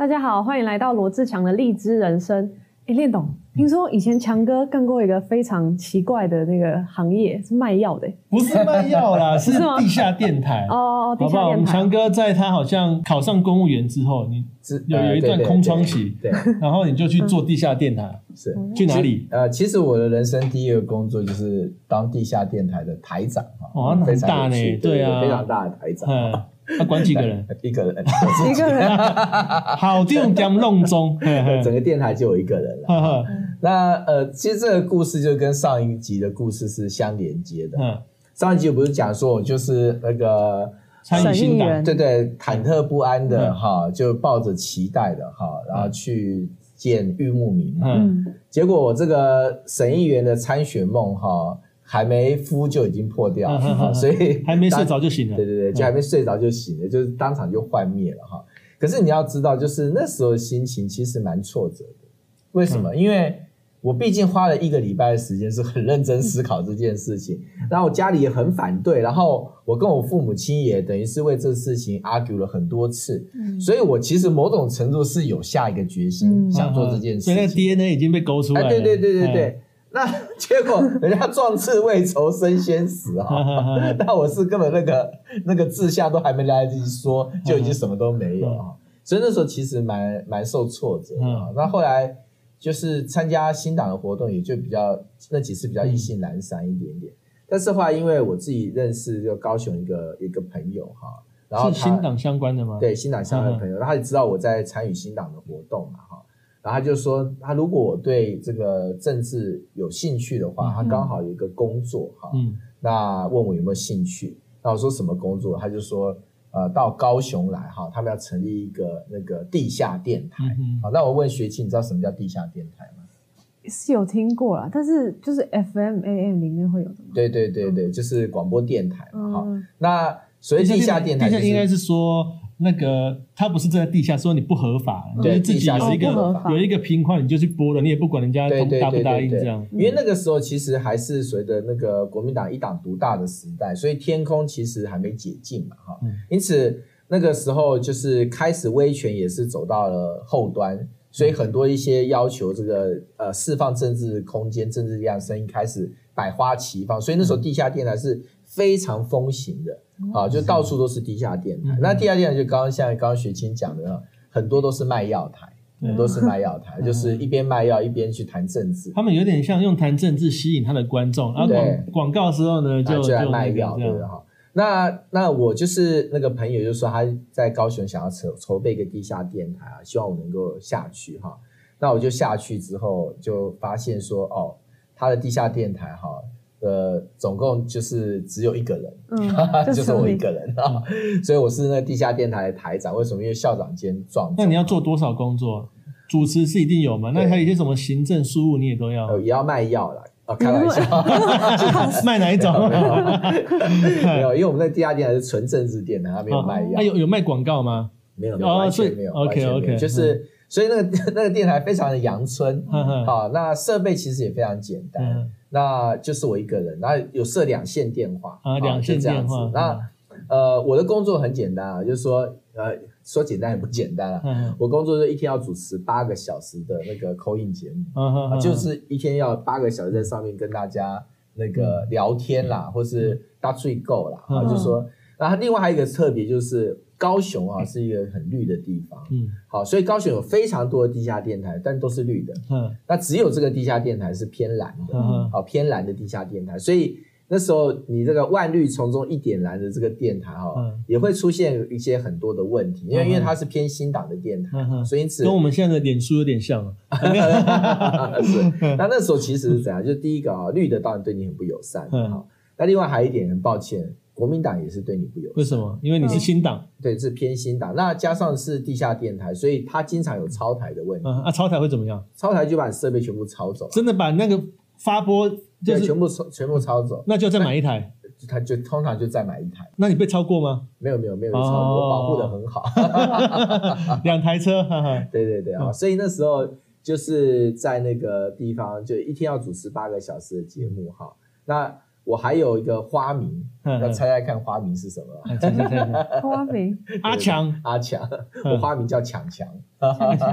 大家好，歡迎來到羅智強的荔枝人生。哎，練董，聽說以前強哥幹過一個非常奇怪的那個行業，是賣藥的？不是賣藥啦， 是地下電台。 哦,哦,哦，地下電台好不好，我們強哥在他好像考上公務員之後，你有有一段空窗期，呃、對,對,對,對,對,對，然後你就去做地下電台，是、 嗯、去哪裡？呃，其實我的人生第一個工作就是當地下電台的台長、哦、啊，長那很大呢，對,對啊，有非常大的台長。嗯他、啊、管幾個人？一個人， 一個人。好，定種弄中，整個電台就我一個人了。呵呵那呃，其實這個故事就跟上一集的故事是相連接的。嗯、上一集我不是講說，我就是那個參議員，對,對對，忐忑不安的哈、嗯哦，就抱着期待的哈、哦，然後去見鬱慕明。嗯，嗯結果我這個省議員的參選夢哈。哦還沒敷就已經破掉呵呵呵、啊，所以還沒睡着就醒了。對對對，就還沒睡着就醒了，嗯、就是當場就幻滅了哈。可是你要知道，就是那時候的心情其實蠻挫折的。為什麼？嗯、因為我畢竟花了一個禮拜的時間，是很認真思考這件事情。嗯、然後我家裡也很反對，然後我跟我父母親也等於是為這事情 argue、er、了很多次。嗯、所以我其實某種程度是有下一個決心、嗯、想做這件事情。嗯嗯嗯、所以那 DNA 已經被勾出來了。哎，對對對對對。嗯 那結果人家壯志未酬身先死哈，那 我是根本那個 那個志向都還沒來得及說 就已經什麼都沒有啊， 所以那時候其實蠻蠻受挫折啊。 那後來就是參加新黨的活動，也就比較那幾次比較意興闌珊一點點。嗯、但是的話因為我自己認識就高雄一個一個朋友哈，然後是新黨相關的嗎？對，新黨相關的朋友， 然後他也知道我在參與新黨的活動嘛哈。然後他就說，他如果我對這個政治有興趣的話，嗯、他剛好有一個工作哈、嗯哦，那問我有沒有興趣。那我說什麼工作？他就說，呃，到高雄來哈、哦，他們要成立一個那個地下電台。好、嗯哼哦，那我問學青，你知道什麼叫地下電台嗎？是有聽過啦，但是就是 FMAM 裡面會有的嗎。對對對對，嗯、就是廣播電台嘛。嗯、好，那所謂地下電台、就是？應該是說。那個他不是在地下，說你不合法，嗯、就是自己是一個有一個頻寬你就去播了，你也不管人家答不答應這樣。嗯、因為那個時候其實還是隨着那個國民黨一黨獨大的時代，所以天空其實還沒解禁嘛哈，嗯、因此那個時候就是開始威權也是走到了後端，所以很多一些要求這個呃釋放政治空間、政治量聲音開始百花齊放，所以那時候地下電台是。嗯非常風行的，嗯、啊，就到處都是地下電台。嗯、那地下電台就剛剛像剛剛學青講的，很多都是賣藥台，對很多是賣藥台，呵呵就是一邊賣藥一邊去談政治。他們有點像用談政治吸引他的觀眾，然後廣廣告的時候呢，就、啊、就來賣藥對不對？哈，那那我就是那個朋友，就說他在高雄想要籌籌備一個地下電台啊，希望我能夠下去哈。那我就下去之後就發現說，哦，他的地下電台哈。呃，總共就是只有一個人，就是我一個人。所以我是那地下電台的台長。為什麼？因為校長兼撞鐘。那你要做多少工作？主持是一定有嗎？那還有一些什麼行政事務你也都要？也要賣藥哦，開玩笑，賣哪一種？沒有，因為我們在地下電台是純政治電台，沒有賣藥。有有賣廣告嗎？沒有，完全沒有。OK OK，就是所以那個那個電台非常的陽春，好，那設備其實也非常簡單。那就是我一個人，然後有設兩線電話啊，啊兩線電話。那呃，我的工作很簡單啊，就是說呃，說簡單也不簡單啊。嗯、我工作是一天要主持八個小時的那個 call-in 節目，嗯、啊，就是一天要八個小時在上面跟大家那個聊天啦，嗯、或是答嘴鼓啦、嗯、啊，就是、說，然後另外還有一個特別就是。高雄啊，是一個很綠的地方。嗯，好，所以高雄有非常多的地下電台，但都是綠的。嗯，那只有這個地下電台是偏藍的，嗯，哦，偏藍的地下電台。所以那時候你這個萬綠叢中一點藍的這個電台，哈、哦，嗯、也會出現一些很多的問題，因為、嗯、因為它是偏新黨的電台，嗯嗯嗯、所以因此跟我們現在的臉書有點像、啊。 是，那那時候其實是怎樣？就第一個啊，綠的當然對你很不友善。嗯，好、哦，那另外還有一點，很抱歉。國民黨也是對你不友好，為什麼？因為你是新黨，嗯、對，是偏新黨。那加上是地下電台，所以他經常有抄台的問題。啊，抄台會怎麼樣？抄台就把你設備全部抄走，真的把那個發播就是、對全部全部抄走。那就再買一台，他就通常就再買一台。那你被抄過嗎？沒有，沒有，沒有被抄，抄過哦、我保護得很好。 兩台車。哈哈對對對啊、哦，嗯、所以那時候就是在那個地方，就一天要主持八個小時的節目哈。那我還有一個花名，要猜猜看花名是什麼？花名阿強，阿強，我花名叫強強。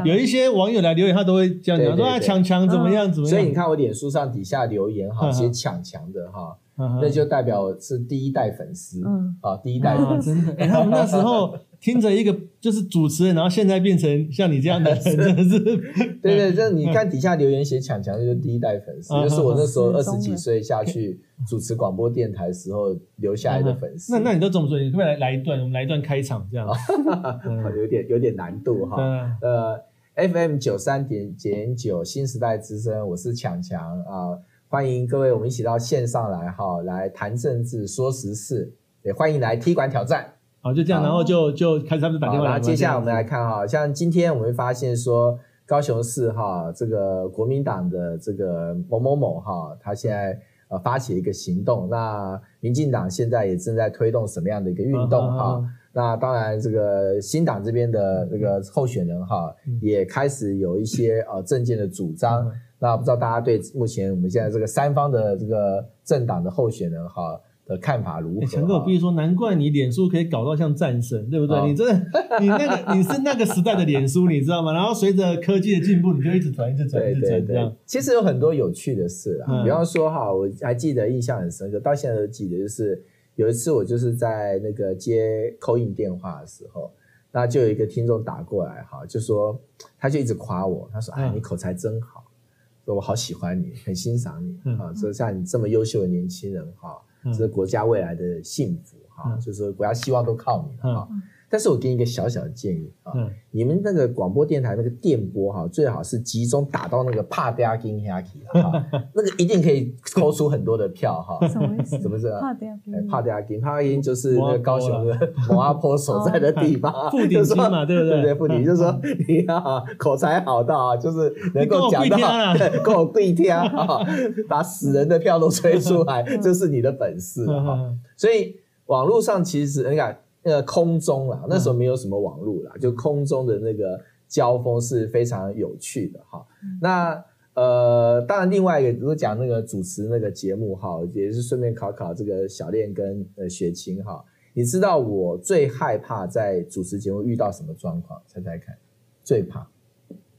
有一些網友來留言，他都會叫你，說阿強強怎麼樣怎麼樣。所以你看我臉書上底下留言哈，寫強強的哈，那就代表是第一代粉絲啊，第一代粉絲。然後，那時候。聽着一個就是主持人，然後現在變成像你這樣的，真的是對對，這你看底下留言寫“強強”就是第一代粉絲， 嗯、就是我那時候二十幾歲下去主持廣播電臺的時候留下來的粉絲。那那你都這麼說，你會 來來一段，我們來一段開場這樣，哈哈哈，嗯嗯嗯嗯嗯嗯、 有點有點難度哈。呃，FM 九三點九新時代之聲，我是強強啊、呃，歡迎各位我們一起到線上來哈、哦，來談政治說時事，也歡迎來踢館挑戰。好、哦，就這樣，啊、然後就就開始他們打電話。好、啊，然後接下來我們來看哈，像今天我們會發現說高雄市哈、啊，這個國民黨的這個某某某哈，他現在呃發起一個行動，那民進黨現在也正在推動什麼樣的一個運動哈、啊啊啊啊。那當然這個新黨這邊的這個候選人哈、啊，也開始有一些呃、嗯啊、政見的主張。嗯、那不知道大家對目前我們現在這個三方的這個政黨的候選人哈、啊的看法如何、哦？強哥，我必須說，難怪你臉書可以搞到像戰神，對不對？Oh. 你真的，你那個、你是那個時代的臉書， 你知道嗎？然後隨着科技的進步，你就一直傳、一直傳、對對對一直傳。這樣其實有很多有趣的事啊、嗯、比方說哈、啊，我還記得印象很深刻，到現在都記得，就是有一次我就是在那個接 call in 電話的時候，那就有一個聽眾打過來哈、啊，就說他就一直誇我，他說：“啊、嗯哎，你口才真好，說我好喜歡你，很欣賞你、嗯、啊，說像你這麼優秀的年輕人哈、啊。”這是國家未來的幸福哈，所以說國家希望都靠你了哈。但是我給你一個小小的建議啊，你們那個廣播電台那個電波哈，最好是集中打到那個帕迪亞金哈基啊，那個一定可以摳出很多的票哈。什麼意思？什麼是啊？帕迪亞金，帕迪亞金就是那個高雄的某阿婆所在的地方，覆鼎金、啊、嘛，對不對？對、啊，覆鼎金就是說你要、啊、口才好到啊，就是能夠講到跟我對天啊，把死人的票都吹出來，就是你的本事哈。啊啊啊、所以網絡上其實你看。那個空中啦，那時候沒有什麼網絡啦，嗯、就空中的那個交鋒是非常有趣的哈。嗯、那呃，當然另外一個，如果講那個主持那個節目哈，也是順便考考這個小練跟雪晴哈。你知道我最害怕在主持節目遇到什麼狀況？猜猜看，最怕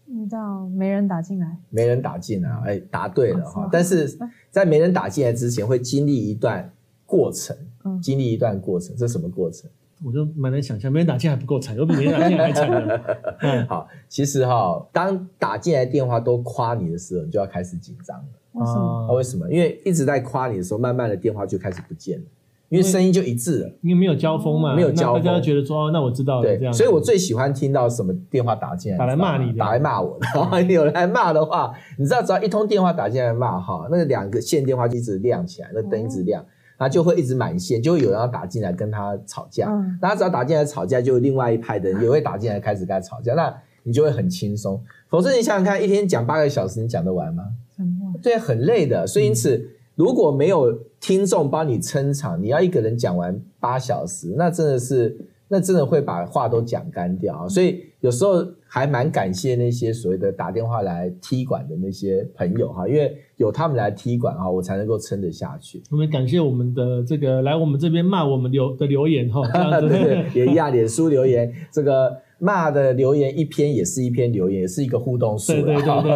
遇到沒人打進來，沒人打進來、啊。哎、欸，答對了哈。哦是啊、但是在沒人打進來之前，會經歷一段過程，嗯、經歷一段過程，這什麼過程？嗯我就蠻能想象，沒人打進來還不夠慘，我比沒人打進來還慘。 嗯、好，其實齁，當打進來的電話都誇你的時候，你就要開始緊張了。為什麼？啊、哦？為什麼？因為一直在誇你的時候，慢慢的電話就開始不見了，因為聲音就一致了。因為沒有交鋒嘛、嗯，沒有交鋒，大家覺得說、嗯、哦，那我知道了。對」所以我最喜歡聽到什麼電話打進來，打來罵你，打來罵我。然後有人來罵的話，嗯、你知道，只要一通電話打進來罵齁，那個兩個線電話就一直亮起來，那燈一直亮。哦他就會一直滿線，就會有人要打進來跟他吵架。哦、那他只要打進來吵架，就另外一派的也會打進來開始跟他吵架。啊、那你就會很輕鬆，否則你想想看，一天講八個小時，你講得完嗎？什麼？對，很累的。所以因此，嗯、如果沒有聽眾幫你撐場，你要一個人講完八小時，那真的是。那真的會把話都講乾掉啊，所以有時候還蠻感謝那些所謂的打電話來踢館的那些朋友哈，因為有他們來踢館哈，我才能夠撐得下去。我們、嗯、感謝我們的這個來我們這邊罵我們留的留言哈，這樣就是、 對對對也亞臉書留言 這個。罵的留言一篇也是一篇留言，也是一個互動數，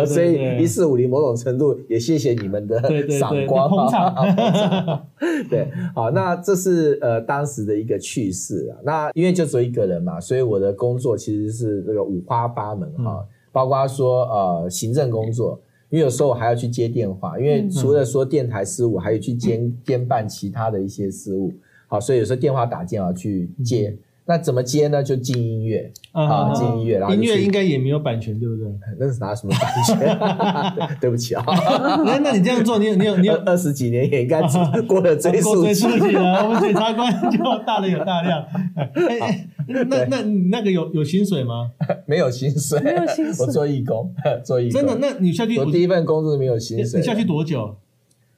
所以一四五零某種程度也謝謝你們的對對對對賞光啊。捧場。對，對， 對，好，那這是呃當時的一個趣事啊。那因為就只有一個人嘛，所以我的工作其實是這個五花八門哈、啊，嗯、包括說呃行政工作，因為有時候我還要去接電話，因為除了說電台事務，嗯、還有去兼、嗯、監辦其他的一些事務。好，所以有時候電話打進啊去接。嗯那怎麼接呢？就進音樂啊，進音樂，然後音樂應該也沒有版權，對不對？那是拿什麼版權？對不起啊。那那你這樣做，你有你有你有二十幾年也應該過了追溯期了。我們檢察官就大的有大量。那那那個有有薪水嗎？沒有薪水，我做義工，做義工。真的？那你下去我第一份工作沒有薪水，你下去多久？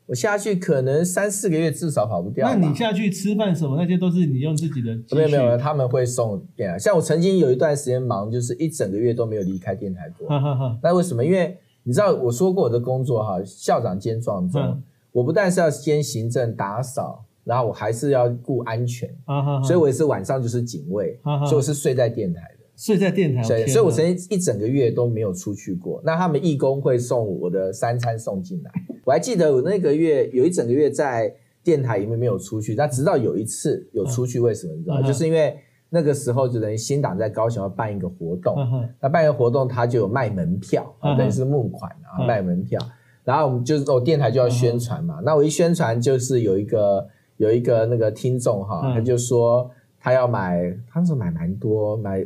我下去可能三四個月至少跑不掉。那你下去吃飯什麼那些都是你用自己的？沒有沒有，他們會送電台。像我曾經有一段時間忙，就是一整個月都沒有離開電台過。啊啊、那為什麼？因為你知道我說過我的工作哈，校長兼撞鐘，啊、我不但是要兼行政打掃，然後我還是要顧安全。啊啊啊、所以我也是晚上就是警衛，啊啊、所以我是睡在電台。睡在電臺，所以，啊、所以我曾經一整個月都沒有出去過。那他們義工會送我的三餐送進來。 我還記得我那個月有一整個月在電臺裡面沒有出去。但直到有一次有出去，為什麼你知道？嗯、哼就是因為那個時候就等於新黨在高雄要辦一個活動，嗯、哼那辦一個活動，他就有賣門票，等於、嗯、哼是募款啊，賣門票。嗯、哼然後我們就是我、哦、電臺就要宣傳嘛。嗯、哼那我一宣傳，就是有一個有一個那個聽眾哈，哦嗯、哼他就說他要買，他說買蠻多買。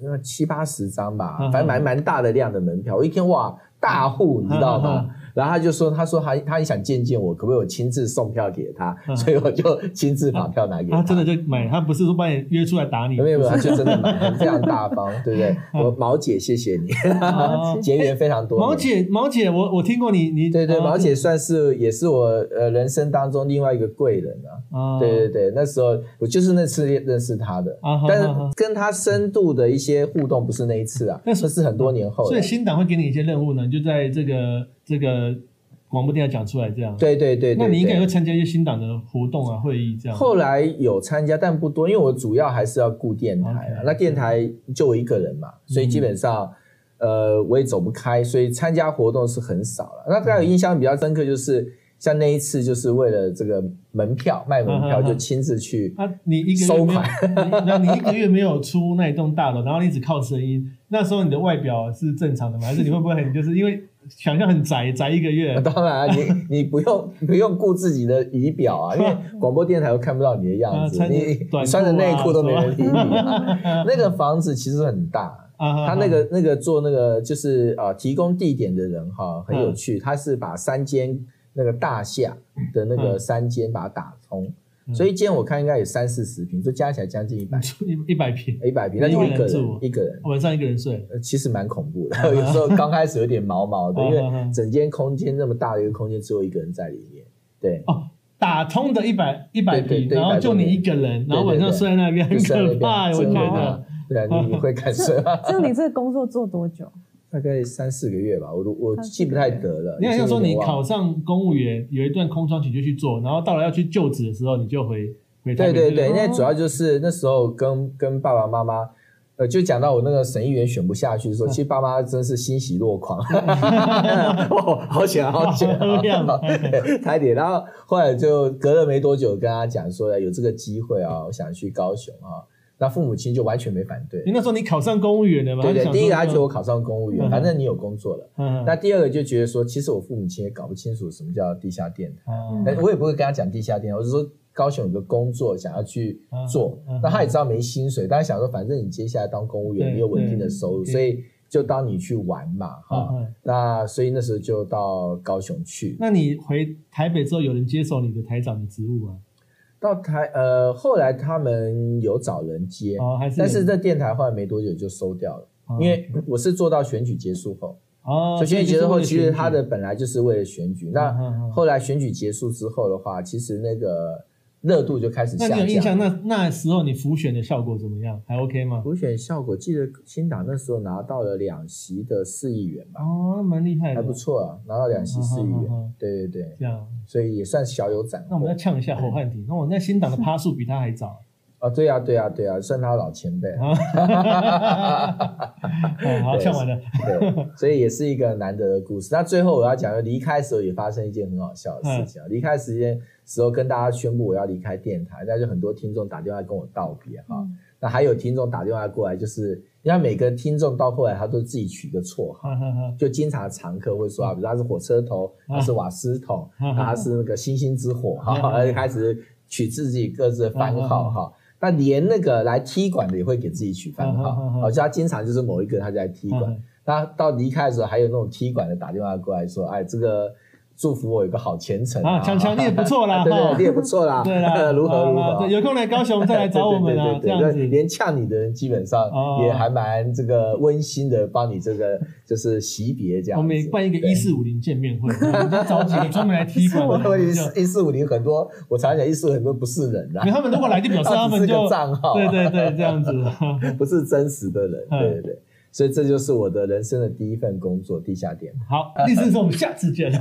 那七八十張吧，呵呵，反正蠻蠻大的量的門票。我一聽，哇，大戶，嗯、你知道嗎？呵呵呵然後他就說：“他說他他也想見見我，可不可以我親自送票給他？所以我就親自把票拿給他。他真的就買，他不是說把你約出來打你，沒有沒有，他就真的買，非常大方，對不對？我毛姐，謝謝你，結緣非常多。毛姐，毛姐，我我聽過你，你對對，毛姐算是也是我呃人生當中另外一個貴人了。啊，對對對，那時候我就是那次認識他的，但是跟他深度的一些互動不是那一次啊，那時候是很多年後。所以新黨會給你一些任務呢，就在這個。”這個廣播電台講出來這樣，對對對，對。那你應該也會參加一些新黨的活動啊、會議這樣。後來有參加，但不多，因為我主要還是要顧電台、啊、okay, 那電台就我一個人嘛，嗯、所以基本上，呃，我也走不開，所以參加活動是很少了。那大家有印象比較深刻就是，嗯、像那一次，就是為了這個門票賣門票，啊啊啊，就親自去啊，你一個收款。那 你，你一個月沒有出那一棟大樓，然後你一直靠聲音，那時候你的外表是正常的嗎？還是你會不會很就是因為？想象很宅宅，一個月，啊、當然、啊、你你不用 不用顧自己的儀表啊，因為廣播電台都看不到你的樣子， 你穿著內褲都沒人理你。啊。 那個房子其實很大， 他那個那個做那個就是啊，提供地點的人哈、啊、很有趣， 他是把三間那個大廈的那個三間把它打通。所以今天我看應該有三四十平，就加起來將近一百平，一百平，一百平，那就一個人一個人晚上一個人睡，呃，其實蠻恐怖的。有時候剛開始有點毛毛的，因爲整間空間那麼大的一個空間，只有一個人在裡面，對哦，打通的一百一百平，然後就你一個人，然後晚上睡在那邊，很可怕，我覺得，對，你會感受。這你這工作做多久？大概三四個月吧，我我記不太得了。嗯、你好像說你考上公務員，有一段空窗期就去做，然後到了要去就職的時候，你就回。回對對對，對對，因為主要就是那時候跟跟爸爸媽媽，呃，就講到我那個省議員選不下去的時候，啊、其實爸媽真是欣喜若狂，好險好險，差一點。然後後來就隔了沒多久，跟他講說有這個機會啊，嗯、我想去高雄啊。那父母親就完全沒反對。你那時候你考上公務員了嗎？對對，第一個他覺得我考上公務員，反正你有工作了。那第二個就覺得說，其實我父母親也搞不清楚什麼叫地下電台，我也不會跟他講地下電台，我就說高雄有個工作想要去做，那他也知道沒薪水，但是想說反正你接下來當公務員你有穩定的收入，所以就當你去玩嘛哈。那所以那時候就到高雄去。那你回台北之後，有人接手你的台長的職務啊？到台，呃，後來他們有找人接，哦、還是但是這電台後來沒多久就收掉了，哦、因為我是做到選舉結束後，哦，選舉結束後其實他的本來就是為了選舉，那後來選舉結束之後的話，哦哦、其實那個。熱度就開始下降。那你印象那？那那時候你輔選的效果怎麼樣？還 OK 嗎？輔選效果，記得新黨那時候拿到了兩席的四億元吧？啊、哦，蠻厲害的，還不錯啊，拿到兩席四億元，啊、哈哈哈，對對對，這樣，所以也算小有斬獲。那我們要嗆一下侯漢廷，對那我那新黨的趴數比他還早。啊，對呀，對呀，對呀，算他老前輩。好，講完了。對，所以也是一個難得的故事。那最後我要講，要離開時候也發生一件很好笑的事情。離開時間時候跟大家宣布我要離開電台，那就很多聽眾打電話跟我道別哈。那還有聽眾打電話過來，就是因為每個聽眾到後來他都自己取一個綽號，就經常常客會說啊，比如他是火車頭，他是瓦斯桶，他是那個星星之火哈，他就開始取自己各自的番號哈。那連那個來踢館的也會給自己取番號，而且、啊啊啊啊哦、他經常就是某一個他就來踢館，啊、他到離開的時候，還有那種踢館的打電話過來說，哎，這個。祝福我有個好前程啊！強強，你也不錯啦，對你也不錯啦，對啦。如何如何？對，有空來高雄再來找我們啊！對。對。你連嗆你的人基本上也還蠻這個溫馨的，幫你這個就是惜別這樣。我們辦一個一四五零見面會，你着急，你專門來踢館。一四五零很多，我常常講一四五零很多不是人啦。他們如果來的表示他們是個賬號，對對對，這樣子，不是真實的人，對對對。所以這就是我的人生的第一份工作，地下電台。好，荔枝人生，我們下次見。